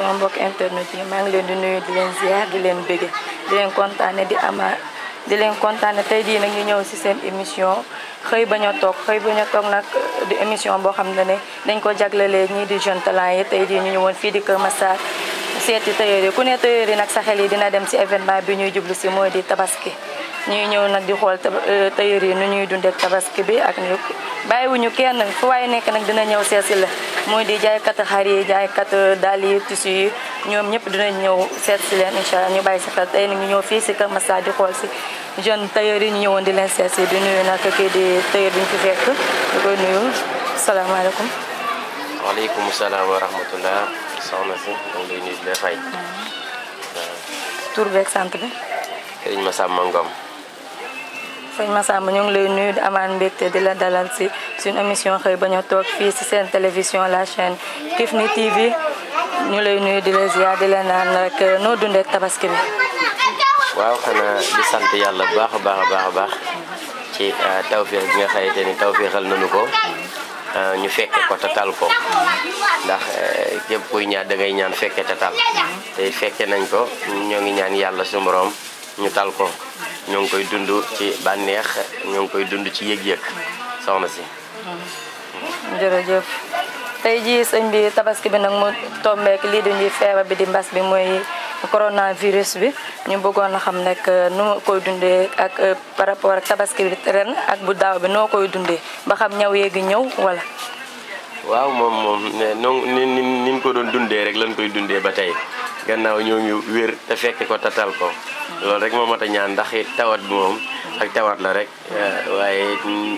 sama mbokk internet yi maa ngi leen di nuyu di leen ziar di leen bëgge di leen kontaane di ama di leen kontaane tey jii nag ñu ñëw si seen émission xëy bañ a toog xëy bañ a toog nag di émission boo xam ne ne dañ ko jaglelee ñii di jeune talent yi tey jii ñu ñëwoon fii di Kër Massar seeti tailleur ku ne tailleur nag sa xel yi dina dem si événement bi ñuy jublu si mooy di tabaski ñuy ñëw nag di xool euh, tailleur yi nu ñuy dundeek tabaski bi ak ñu bàyyiwuñu kenn fu waaye nekk nag dina ñëw seet si la muy di jaaykat xar yi jaaykat euh, dàll yi tissu yi ñoom ñëpp dinañ ñëw seet si leen incha allah ñu bàyyi si xel tey ñu ñëw fii si Kër Massar di xool si jeune tailleur yi ñu ñëwoon di leen seet si di nuyu nag kii di tailleur bi ñu fi fekk di koy nuyu salaamaaleykum. waaleykum salaam wa rahmatullah soxna si donc lay nuyu di la fay. tur bi. Serigne Massamba Ngom. sëñ Massamba ñoo ngi lay nuyu di amaan mbégte di la dalal si suñu émission xëy ba ñu toog fii si seen télévision la chaîne Kifne TV ñu lay nuyu di la ziar di la naan rek noo dundee tabaski bi. waaw xanaa di sant yàlla bu baax a baax a baax a baax ci euh, tawféex bi nga xamante ni tawféexal nañu ko euh, ñu fekke ko tatal ko ndax euh, képp kuy ñaan da ngay ñaan fekke tatal te fekke nañ ko ñoo ngi ñaan yàlla suñu borom ñu tal ko. ñong koy dundu ci banex ñong koy dundu ci yeg yeg soxna si jërëjëf tay ji señ bi tabaski bi mo mu ak li du ñi feebar bi di mbass bi moy coronavirus bi ñu bëggoon na xam nag euh, nu koy dundé ak euh, par rapport ak tabaski bi ren ak bu daaw bi no koy dundé ba xam ñaw yeg ñew wala waaw mom mom non ni ni ni ko doon dundé rek lañ koy dundé ba tay gannaaw ñoo ñu wër ta fekk ko tatal ko loolu rek moo mat a ñaan ndax tawat bi moom ak tawat la rek eh, waaye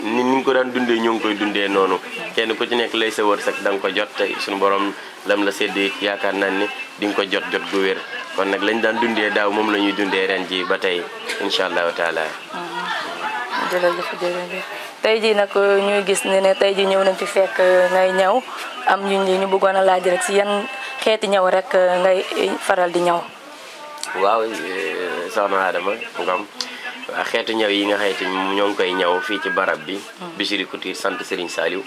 ni ñu ko daan dundee ñoo ngi koy dundee noonu kenn ko ci nekk lay sa wërsëg da nga ko jot te suñu borom lam la sédd yaakaar naa ni di ko jot jot gu wér kon nag lañu daan dundee daaw moom la ñuy dundee ren ji ba tey incha allahu taala. Mm-hmm. jërëjëf jërëjëf tey jii nag uh, ñuy gis ne ne tey jii ñëw nañ ci fekk uh, ngay ñaw am ñu ñu buggoon a laaj rek si yan xeeti ñaw rek uh, ngay faral di ñaw. của ờ, nó sana ada mah, ngam. xeetu ñaw yi nga xayti ñoo ngi koy ñaw fii ci barab bi Bichri rikuti sant Serigne saliw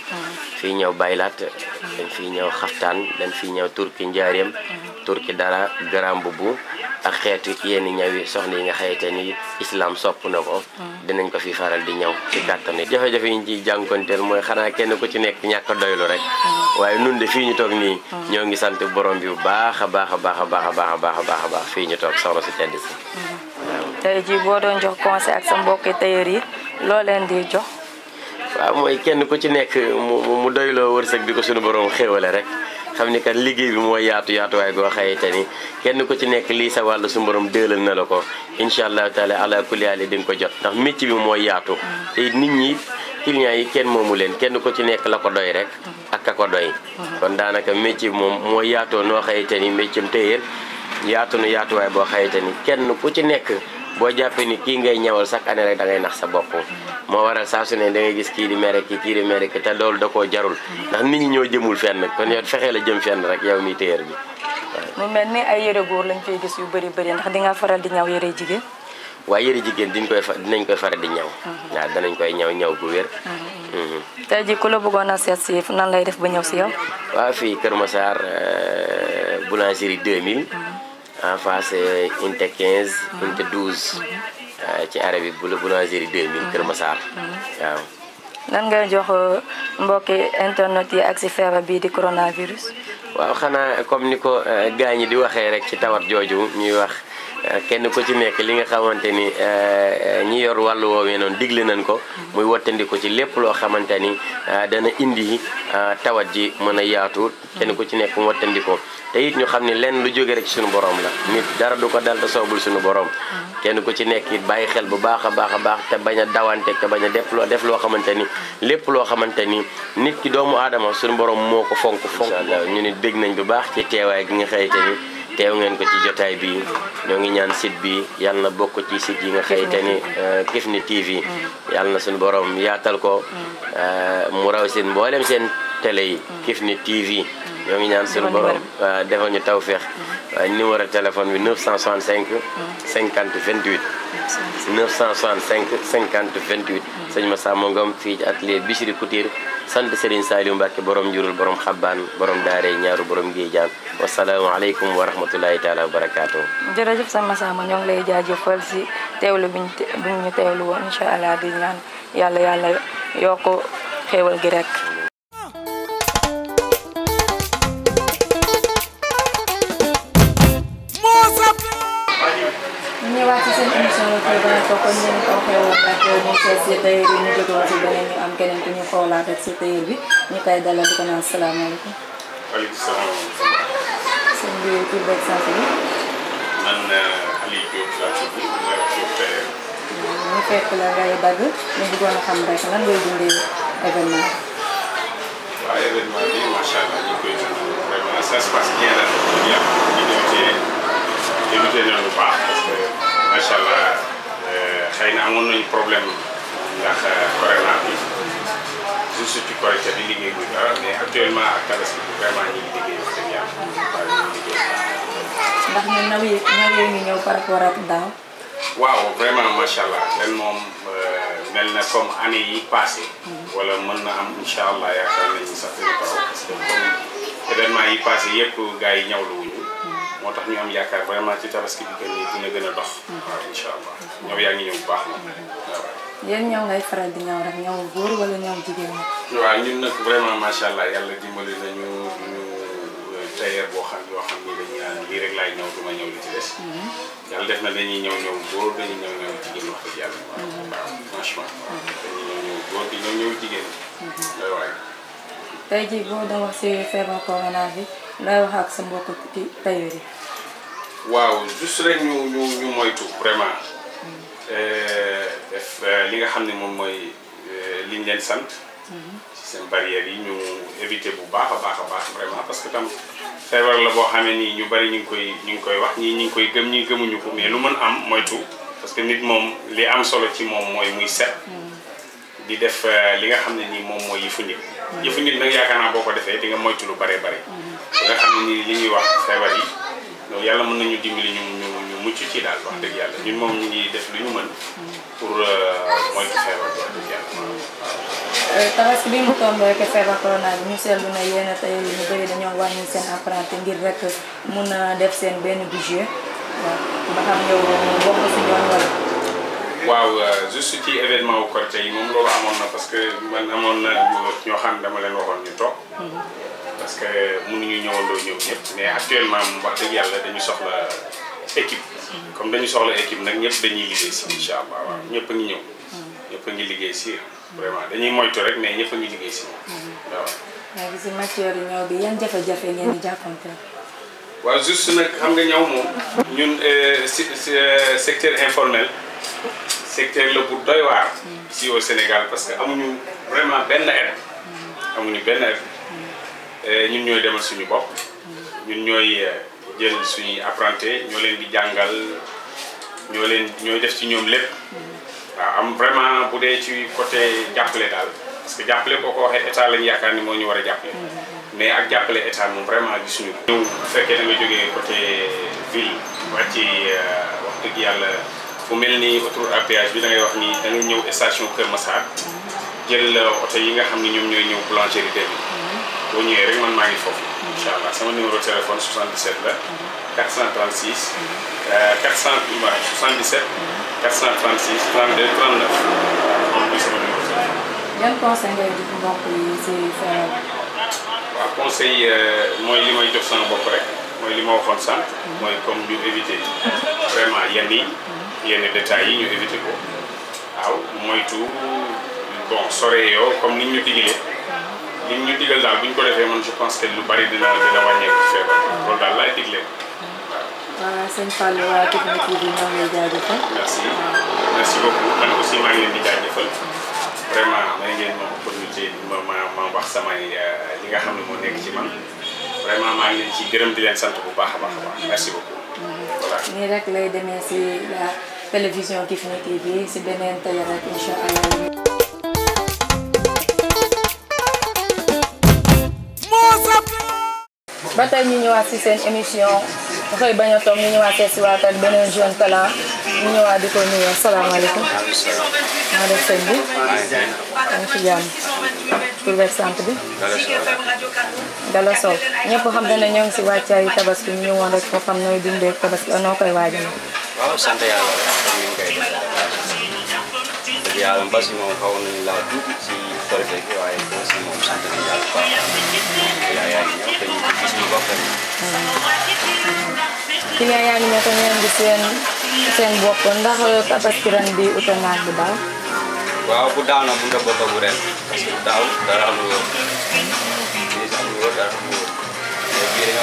fii ñaw baylat dañ fii ñaw xaftaan dañ fii ñaw turki njaareem turki dara garam bubu ak xeetu yenn yi soxna yi nga xayte ni islam sopp na ko dinañ ko fi faral di ñaw ci kàttan yi jafe-jafe yi ñu ciy jànkonteel mooy xanaa kenn ku ci nekk ñàkk doylu rek waaye nun de fii ñu toog nii ñoo ngi sant borom bi bu baax a baax a baax a baax a ñu toog soxna si tedd tey jii boo doon jox conseil ak sa mbokki tailleur yi loo leen di jox. waaw mooy kenn ku ci nekk mu mu doyloo wërsëg bi ko suñu borom xéewale rek xam ni kat liggéey bi mooy yaatu yaatuwaay goo xayete ni kenn ku ci nekk lii sa wàll suñu borom déelal na la ko incha allahu taala ala kulli haal ko jot ndax métier bi mooy yaatu nit ñi clients yi kenn moomu leen kenn ku ci nekk la ko doy rek ak kon daanaka métier moom mooy yaatoo noo xayete ni métier am téyéer yaatu nu yaatuwaay boo xayete ni kenn ku ci nekk bo jappé nah, ni ki ngay ñawal sax ané rek da ngay nax sa bop mo waral sa su ne da ngay gis ki di méré ki ki di méré ki te da ko jarul ndax nit ñi ñoo jëmul fenn kon yow fexé la jëm fenn rek yow mi téer bi mu melni ay yéré goor lañ fay gis yu bari bari ndax di nga faral di ñaw yéré jigéen wa yéré jigéen diñ koy fa nañ koy faral di ñaw waaw danañ koy ñaw ñaw gu wér tay ji ko la bëggona sét nan lay def ba ñaw ci yow wa fi Kër sar boulangerie 2000 en face unité 15. unité 12. ci arrêt bi bu la boulangerie 2000 Kër Massar. waaw. lan jox euh, mbokki internet yi ak si feebar bii di coronavirus. waaw xanaa comme ni ko euh, gaañ yi di waxe rek ci tawat jooju ñuy wax. Eh, kenn ku ci nekk li nga xamante ni eh, ñi yor wàll woowee noonu digle nañ ko muy wattandiku ci lépp loo xamante ni eh, dana indi tawat ji mën a yaatu kenn ko ci nekk mu wattandikoo te it ñu xam ne lenn lu jóge rek suñu borom la nit dara du ko dal te soobul suñu borom kenn ku ci nekk it bàyyi xel bu baax a baax a baax te bañ a dawante te bañ a def loo def loo xamante ni lépp loo xamante ni nit ki doomu aadama suñu borom moo ko fonk fonk ñu ni bég nañ bu baax ci teewaay gi nga xëyte ni teew ngeen ko ci jotaay bi ñoo ngi ñaan site bi yàlla na bokk ci site yi nga xëyte ni euh, Kifne TV yàlla na suñu borom yaatal ko euh, mu raw seen mboolem seen télé yi Kifne TV ñoo ngi ñaan suñu borom euh, defal ñu tawféex numéro téléphone bi 965 50 28 965 50 28 sëñ Massa Ngom fii ci atelier Bichri Couture sant Serigne Saliou Mbacke borom njurul borom xabbaan borom daaree ñaaru borom géejaan wasalaamaaleykum wa rahmatulahi taala wa barakaatu. jërëjëf sama sama ñoo ngi lay jaajëfal si teewlu bi ñu bi ñu teewlu woon incha allah di ñaan yàlla yàlla yokk xéewal gi rek. prévention comme ni ñu ko waxee woon rek ñu seet am keneen ku ñu xoolaat rek si tailleur bi ñu koy dalal di ko naan salaamaaleykum. waaleykum salaam. sëñ bi tur beeg sant man Aliou Diop laa tudd ñu fekk la ngay dagg ñu bëggoon a xam rek lan ngay na lu baax parce macha eh, eh, ah, kan, eh, hmm. allah xëy na problème ndax corona bi juste ci correcte di liggéey bu dara mais actuellement ak bi vraiment liggéey ñu ñu ñëw par allah mel na comme année yi passé wala mën na am moo tax ñu am yaakaar vraiment ci tabaski bi gën a dina gën a dox. waaw incha allah ñëw yaa ngi ñëw bu baax na. yéen ñëw ngay faral di macha allah yàlla dimbali nañu ñu euh, boo xam yoo xam ni dañuy naan lii ñëw du ñëw li des. Mhm. yàlla def na dañuy ñëw ñëw góor dañuy ñëw ñëw jigéen wax dëgg yàlla. Mhm. waaw franchement. Mhm. dañuy ñëw ñëw góor di ñëw bi. looy wax ak sa mbokk waaw juste rek ñu ñu ñu moytu vraiment. Mm-hmm. Euh, def euh, li nga xam ne moom mooy euh, liñ leen sant. Mm-hmm. ci seen barrières yi ñu éviter bu baax a baax a baax vraiment parce que tam feebar la boo xamee ni ñu bari ñu ngi koy ñu ngi koy wax ñii ñu ngi koy gëm ñii gëmuñu ko mais lu mën am mooy moytu. parce que nit moom li am solo ci moom mooy muy set. Mm-hmm. di def li nga xam ne nii moom mooy yëfu nit. yëf nit nag yaakaar naa boo di nga moytu lu bare bare nga xamni ni li ñuy wax feebar yi do yalla mëna ñu dimbali ñu ñu ñu muccu ci daal wax dëgg yalla ñun moom ñu ngi def lu ñu mën pour moytu feebar do wax yalla yàlla bi mu corona ñu waaw euh, juste ci événement wu Korité yi moom loolu amoon na parce que man amoon na ñoo xam dama leen waxoon ñu toog. Mhm. parce que mënuñu ñëwandoo ñëw ñëpp mais actuellement moom wax dëgg yàlla dañu soxla équipe. Mhm. comme dañu soxla équipe nag ñëpp dañuy liggéey si incha allah mhm. ñëpp a ngi ñëw. ñëpp a ngi liggéey si ah. vraiment dañuy moytu rek mais ñëpp a ngi liggéey si waaw. léegi si matière ñëw bi yan jafe-jafe ngeen di jàppanteel. waaw juste nag xam nga ñaw moom. ñun euh, si euh, secteur informel. secteur la bu doy waa mm. fii au Sénégal parce que amuñu vraiment benn aide mm. amuñu benn aide mm. eh, ñun ñooy demal suñu bopp ñun ñooy eh, jël suñuy apprenti ñoo leen di jàngal ñoo leen ñooy def ci ñoom lépp waaw ah, am vraiment bu dee ci côté jàppale daal parce que jàppale boo ko waxee état lañu yaakaar ni moo ñu war a jàppale mais ak jàppale état moom vraiment gisuñu suñu ñëw bu fekkee da nga jógee côté ville wàcc ci eh, wax dëgg yàlla. fu mel ni autoroute à péage bi da ngay wax ni da nga ñëw station Kër Massar jël oto yi nga xam ne ñoom ñooy ñëw boulangerie Derby boo rek man maa ngi foofu sama numéro téléphone 77 la 436 400 77 436 32 39 moom mooy sama numéro téléphone. yan conseil ngay jox mbokk yi si faire? waaw conseil euh, mooy li may jox sama bopp rek mooy li ma waxoon sànq. mooy comme ñu éviter vraiment yenn yenn détails yi ñu éviter ko waaw moytu bon sore yoo comme ni ñu digalee li mm-hmm. ñu digal daal bu ñu ko defee man je pense que lu bari dina dina wàññeeku feebar loolu daal laay digle waaw sëñ Fallou waa technique yi ñoo ngi lay jaajëfal. merci merci beaucoup man aussi maa ngi leen di jaajëfal mm-hmm. vraiment may ngeen ma opportunité bi ma ma ma wax samay euh, li nga xam ne moo nekk ci man vraiment maa ngi leen ci gërëm di leen sant bu baax a baax a baax merci beaucoup. Mm-hmm. voilà nii rek lay demee si la. televizyon ang Tiffany TV. Si Benenta yan natin siya ay... Bata ninyo asisen emisyon. Okay ba nyo tong ninyo asiswatan benensyon tala. Ninyo adi ko niya. Assalamualaikum. Ada sendi. Ang siyam. Tulwet sang tabi. Dalasol. Niya po hamdan na niyong si Wachari tabaski ninyo wadat ko pamnoy din dek tabaski ano kay wajan. Oh, sant yàlla comme ni ñu koy def dëgg yàlla mbas yi moom si torité bi waaye aussi moom sant nañu yàlla baax yaa yaa ngi ñëw te di seen seen bopp ndax tabaski ren bi ute naag bu daaw. waaw bu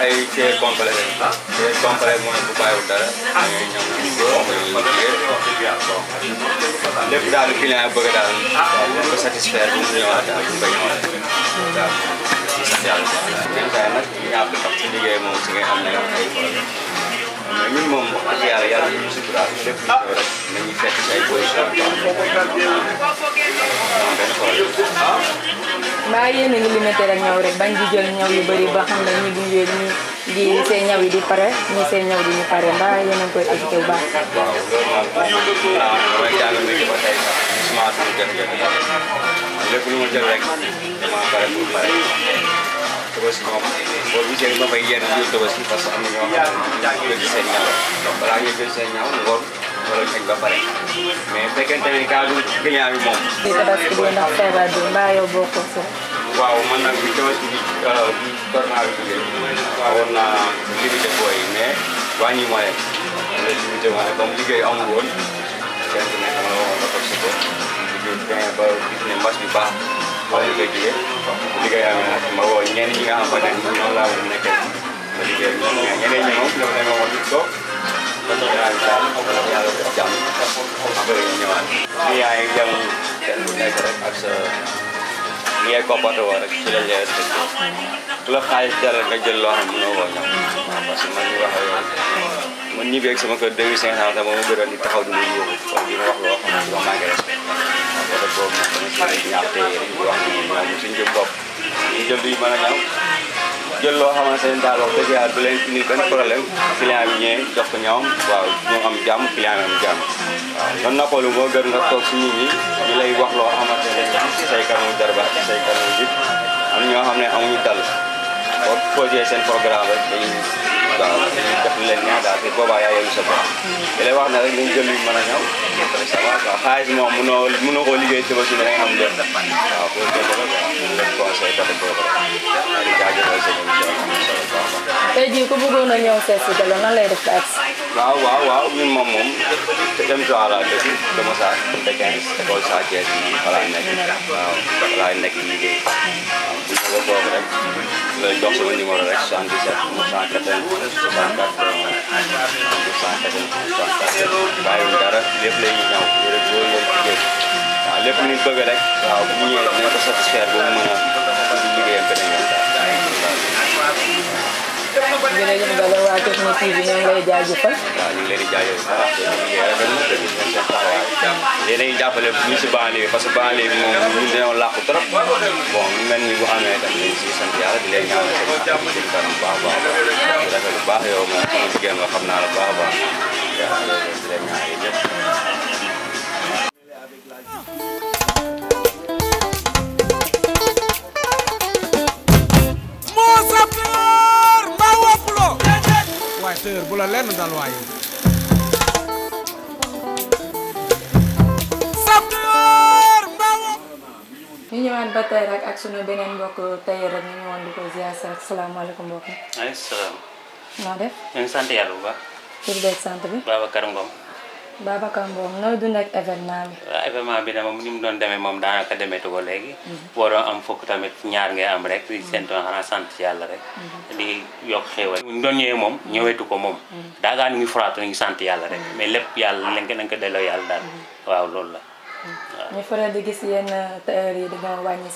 ay cee complet lañ. cee complet mooy bu bàyyiwul dara. ñooy ñoom ñoom ñoom ñoom ñoom lépp daal client yi bëgg daal. ko satisfaire bu mu ñëwaat daal bu mu koy ñëwaat. daal di sant yàlla. nag ñaar di tax ci liggéey moom si nga xam ne ay problème. mais ñun moom wax dëgg yàlla lu ñëw rek a ngi ñaw rek bañ di jël ñaw yu bari ba xam ne ñu di ñëw di seen ñaw yi di pare ñu seen ñaw di ñu pare mbaa yéen ngi koy évité bu baax. waaw loolu moom damay jàng météo ba tey sax semence bi gën-gën बस गाँव और भी जगह bisa nyawa, नहीं तो bisa nyawa nggak, kalau जो से निकाल और आगे जो से निकाल और Kita basi kuenda fera Dubai boko so. Wow, mana kita basi di torna kita. Awalnya lebih cepat ini, wani mulai. Lebih cepat mulai, kamu juga anggun. Jangan kena kalau apa sih tu. Jadi baru kita masih bah. balik lagi ya. Jadi kayak mau ni lah, lah, nggak apa dan mau lah nak Jadi kayak nyanyi nyanyi mau sudah mulai mau itu. Dan jam apa lagi ada jam apa yang nyaman. Ini yang jam dan punya cara Ia kau pada warak sila jaya Kalau khas jalan kejelah menolong yang masih menurah. man ñibbi ak sama kër 2500 te moom gënoon di taxaw di ma yóbbu kon di te dañ ko bopp ñu jël duñu mën a ñaw jël loo xamante ne daal wax dëgg yàlla du leen indi benn problème client bi ñëwee jox ko ñoom waaw ñu am jàmm client bi am jàmm waaw noonu noppalu moo gën nga toog si nit ñi ñu lay wax loo xamante ne si yu kanamu darba si say kanamu jib am ñoo xam ne amuñu dal boo posé seen programme rek dañuy kepenilaiannya ada tipe baya yang bisa buat. Jadi wah nanti muncul di mana nyau. Sama kahai semua mono mono koli gaya coba sih mereka ambil. Aku itu coba kuasa itu tipe berapa. Jadi kaget dari sini. Jadi aku bukan nanya sesi kalau nala refleks. Wow wow wow min mamum. Kita itu ala jadi cuma saat tekan sekolah saja di kalau naik kalau naik ini. le jox sama numéro rek 77 980 64 980 64 bàyyiwul dara lépp la ñuy ñaw yére góor yére jigéen waaw lépp lu ñu bëgg rek waaw bu ñëwee dina ko satisfaire ba mu mën a liggéeyam beneen yoon daal jërëjëf Bada waa Tekno TV ñoo ngi lay jaajëfal. waaw ñu ngi leen di jaajëfal bu baax ñu ngi rafetlu tamit seen taxawaay. yéen a ngi jàppale ñu si banlieue parce que banlieue bi moom ñun dañoo làqu trop bon ñu mel ni bu amee tamit ñu ngi siy sant yàlla di leen ñaanal tamit jàpp si kanam bu baax a baax di rafet bu baax yow moom sama jigéen nga xam naa la bu baax a baax yàlla di leen ñaanal ñëpp. sœur bu la lenn dal waaye ñu ñëwaat ba tey rek ak sunu beneen mbokk tey rek ñu ñëwoon di ko ziar salaamaaleykum mbokk mi. maaleykum salaam. noo ñu ngi sant yàlla bu baax. tur sant bi. Babacar Ngom. Babacar Mbow nooy dund ak événement bi. waaw ah, événement bi ni mu doon demee moom daanaka demeetu ko léegi. boo mhm. doon am fukk tamit ñaar ngay am rek. di séntu xanaa sant yàlla rek. Mhm. di yokk xéewal. bu ñu doon ñëwee moom mhm. ñëweetu ko moom. daagaa ñu ngi furaatu ñu sant yàlla rek. mais lépp yàlla lenk nañ ko delloo yàlla daal. waaw loolu la. waaw ñu gis yenn tailleur yi di doon wàññi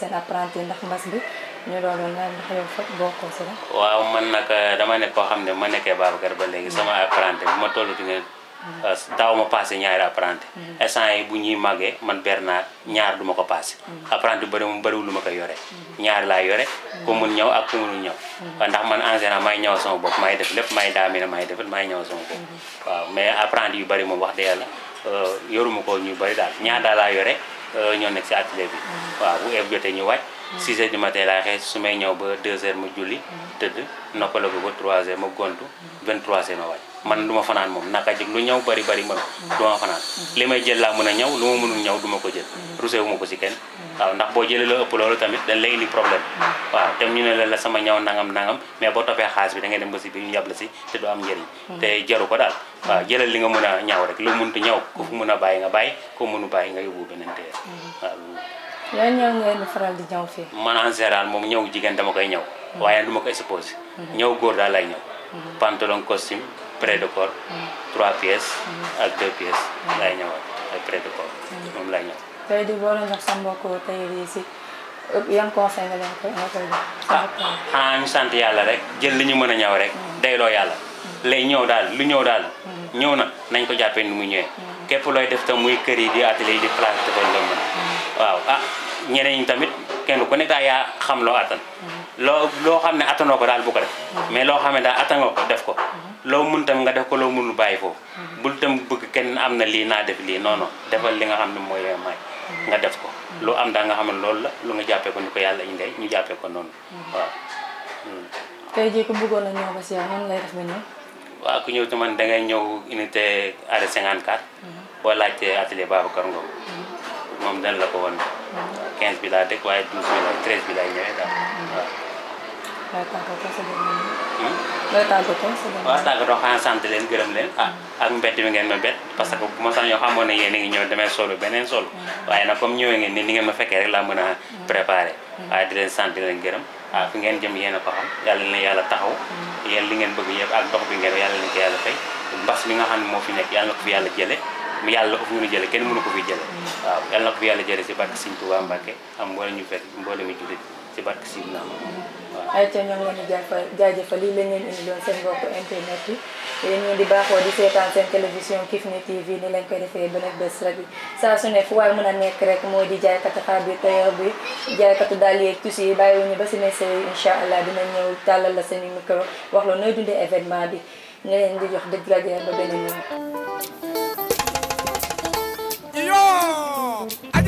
foog bokkoo si waaw man nag dama nekk koo xam ne ma nekkee Babacar ba léegi sama apprenti bi ma toll nii. Euh, daaw ma passé ñaari apprenti mhm. instant yi bu ñuy màggee man ber naa ñaar du ma ko passé mhm. apprenti bëri moom bëriwul lu ma ko yore mhm. ñaar laa yore ku mun ñëw ak ku munul ñëw ndax man en général may ñëw sama bopp may def lépp may daamine may def may ñëw sama bopp waaw mais apprenti yu bëri moom wax dëgg yàlla euh, yoruma ko ñu bëri daal ñaar daal laa yore euh, ñoo nekk si atelier bi waaw bu heure jotee ñu wàcc 6 heures du matin laay xëy su may ñëw ba 2 heures ma julli tëdd noppaloo ko ba ma gontu 23 heures man duma fanan mom naka jik lu ñaw bari bari man duma fanan li may jël la mëna ñaw lu ma ñaw duma ko jël rusé wu mako ko si kenn waaw ndax bo jël loo ëpp lolu tamit dañ lay indi problème waaw te ñu ne la la sama ñaw nangam nangam mais bo topé xaas bi da ngay dem ba ci bi ñu yàb la si te du am njëriñ te jëru ko dal waaw jëlal li nga mëna ñaw rek lu mëntu ñaw ko fu mëna bay nga bay ko mënu bay nga yobu benen té waaw ya ñaw ngeen faral di ñaw fi man en général mom ñaw jigen dama koy ñaw waye duma ko exposé ñaw goor da lay ñaw mhm. pantalon costume près de corps trois pièces ak deux pièces lay ñëwal ay près de corps moom lay ñëw tey di boo leen jox sa mbokk si yang conseil nga leen koy nga koy jox ah ñu sant yàlla rek jël li ñu mën a ñëw rek dayloo yàlla lay ñëw daal lu ñëw daal ñëw na nañ ko jàppee ni mu ñëwee képp def tam muy di atelier yi di place defal nga mën ah ñeneen ñi tamit kan ku konek daal yaa xam loo lo loo loo xam ne attanoo ko daal bu ko def mais loo xam ne daal def ko loo mun tam nga def ko loo mënul bàyyi foofu. Mhm. bul tam bëgg kenn am na lii naa def lii noonu non defal li nga xam ne mooy may mhm. nga def ko. Mhm. lu am daal nga xam ne loolu la lu nga jàppee ko ni ko yàlla indee ñu jàppee ko noonu. waaw. Hmm. tey jii ku bëggoon a dangay ñëw unité arrêt 54. boo laajtee atelier Babacar Ngom. moom la ko won 15 bi waaye 12 bi laa 13 ñëwee daal waaw. looy tàggatoo sa benn waaw tàggatoo xanaa sant leen gërëm leen ah ak mbett mi ngeen ma bett parce que bu ma sax ñoo xamoon na yéen a ngi ñëw demee solo beneen solo hmm. waaye nag comme ñëwee ngeen ni ni ngeen ma fekkee rek laa mën a hmm. préparé hmm. waaye di leen sant di leen gërëm ah fi ngeen jëm yéen a ko xam yàlla na yàlla taxaw yéen li ngeen bëgg yëpp ak dox bi ngeen yàlla na ko yàlla fay mbas mi nga xam ne moo fi nekk yàlla na ko fi yàlla jële mu yàlla fu ñu jële kenn mënu ko fi jële waaw yàlla na ko fi yàlla jële si barke Sëñ Tuubaa Mbàkke am mboole ñu fekk mboole mi jullit si barke Sëñ Naam waaw ay ca ñoom la ñu jaajëfal lii lañ leen seen bopp internet yi di baaxoo di seetaan seen télévision Kifne TV ni lañ koy defee beneen bés rek saa su a nekk rek moo di jaaykatu xaar bi tailleur bi jaaykatu dàll yeeg tissu yi bàyyi bàyyiwuñu ba si messe yi incha allah dina ñëw tàllal la seen micro wax la nooy dundee événement bi nga leen di jox dëgg la ba beneen yoon I